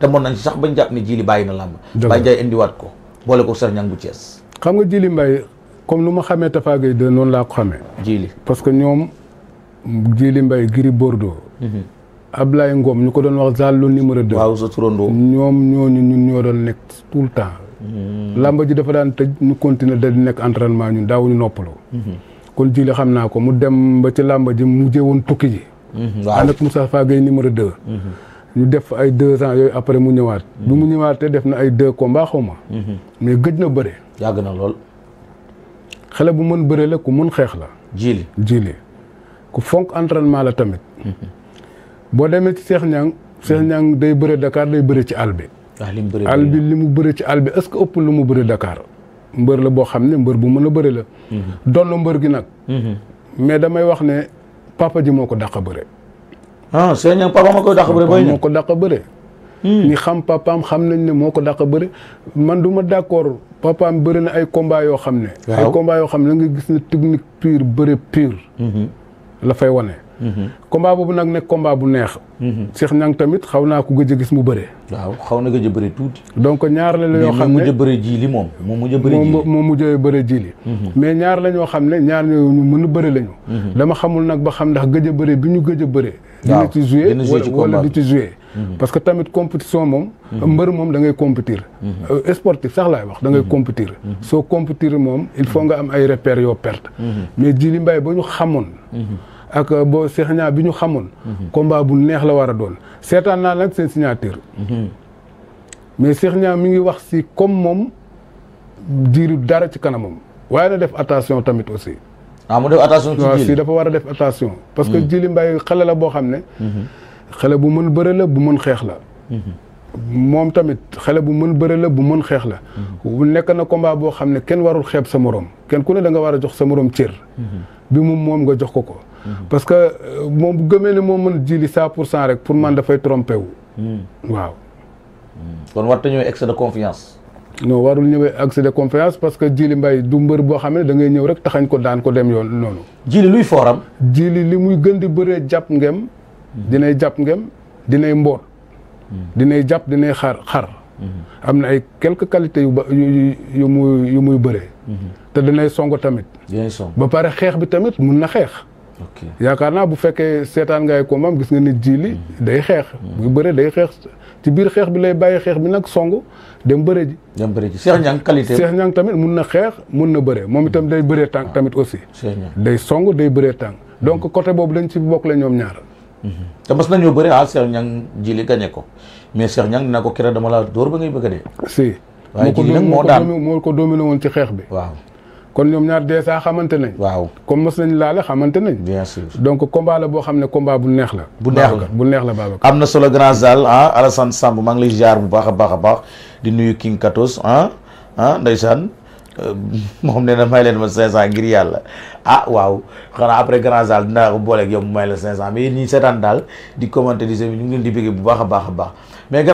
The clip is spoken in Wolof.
demoon nañ sax bañ jàpp ne Jili bàyyi na làmb Baye Ndiaye indiwaat ko boole ko Serigne Niang bu Thiès xam nga Jili Mbaye comme lu ma xamee Tapha Gueye de noonu laa ko xamee Jili parce que ñoom Jili Mbaye Gris Bordeaux mhm. Ablaye ngoom ñu ko doon wax Zallo numéro deux waaw sa turandoo ñoom ñooñu ñun ñoo doon nekk tout le temps mhm. làmb ji dafa daan tëj ñu continuer da di nekk entraînement ñun daawuñu noppaloo mhm. kon Jili xam naa ko mu dem ba ci làmb ji mu mujjee woon tukki ji ànd ak Moustapha ñu def ay deux ans yooyu après mu ñëwaat. bu mu ñëwaatee def na ay deux combats xaw ma. Mhm. mais gëj na bëre. yàgg na lool. xale bu mën bëre la ku mën xeex la. jiili jiili ku fonk entraînement la tamit. Mhm. boo demee ci Cheikh Niang. Cheikh day bëre Dakar day bëre ci àll bi. àll bi li mu bëre ci àll bi est-ce que ëpp lu mu bëre dakaar mbër la boo xam ne mbër bu mën a bëre la. Mhm. donn mbër gi nag. mais damay wax ne papa ji moo ko dàq bëre. ah Cheikh Niang papa ma koy dàq bëre booy ñëw moo ko dàq bëre. Hmm. ñi xam papaam xam nañ ne moo ko dàq bëre man du ma d' accord papaam bëri na ay combat yoo xam ne. ay combat yoo xam ne la nga gis ne technique pure bëre pure. Hmm. la fay wane. combat boobu nag nekk combat bu neex. Cheikh Niang tamit xaw naa ko gëj a gis mu bëre. waaw xaw na gëj a bëre tuuti. donc ñaar la yoo xam ne mais mu moom. mu mujj a bëre ji li moom mu mujj a ji li. Mhm. mais ñaar la ñoo xam ne ñaar ñu mën a bëre lañu. Mhm. dama xamul nag ba xam ndax gëj a bëre bi ñu gëj a bëre. waaw dina ci joué wala du ci joué. Mhm. parce que tamit compétition moom. mbër moom da ngay compétir. Euh, sportif sax laay wax da ngay compétir. soo compétir moom il faut nga am ay repères yoo perte. mais ji li mbay ba ñu xamoon ak bo Cheikh biñu xamone combat bu neex la wara doon seetaan naa nag seen signature. mais Cheikh mi ngi wax ci comme mom diru dara ci kanamam waye na def attention tamit aussi. ah mu def attention ci jili si dafa wara def attention. parce que jili mbay xale la bo xamne ne. xale bu mën beure la bu mën xex la. mom tamit xale bu mën beure la bu mën xex la. bu nek na combat bo xamne ken warul xeb sa morom ken ku ne da nga wara jox sa morom cër. bi mom mom nga jox ko ko. parce que euh, moom bu gëmee ne moom mën jiili saa pour cent rek pour man dafay trompé wu. Hmm. waaw. Hmm. kon warut a ñëw de confiance. non warul ñëwee accès de confiance parce que Djily Mbaye du mbër boo xam ne da ngay ñëw rek taxañ ko daan ko dem yoon noonu. Djily luy fooram. Djily li muy gën di bëree jàpp ngem. Hmm. dinay jàpp ngem dinay mboot. dinay jàpp dinay xar xar. am na ay quelques qualités yu ba yu yu muy yu muy bëree. te dinay song tamit. dinay ba pare xeex bi tamit mun na xeex. yaakaar naa bu fekkee seetaan ngay combat gis nga ni jiili day xeex. bu bëre day xeex ci biir xeex bi lay bàyyi xeex bi nag songu dem bëre ji. dem bëre ji Cheikh qualité Cheikh Niang tamit mun na xeex mun na bëre moom itam day bëree tànk tamit aussi. day songu day bëree tànk donc côté boobu lañ ci bokk la ñoom ñaar. te mas nañoo bëre ah Cheikh Niang jiili gañe ko mais Cheikh Niang dina ko keroog dama la dóor ba ngay bëgg a si. moo daan moo ko woon ci xeex bi waaw. kon ñoom ñaar dèjà xamante nañ. waaw comme mos nañ laale xamante nañ. bien sûr donc combat la boo xam ne combat bu neex la. bu neex la bu neex la Babacar. am na solo grand zal ah Alassane Samb maa la lay ziar bu baax a baax a baax di nuyu King Katos ah ah ndeysaan euh, moom nee na may leen ma 500 ngir yàlla ah waaw xanaa après grand zal dinaa ko booleeg yow mu may la 500 mais yéen ñii seetaan daal di commenter di seen ñu ngi leen di bëgg bu baax a baax a baax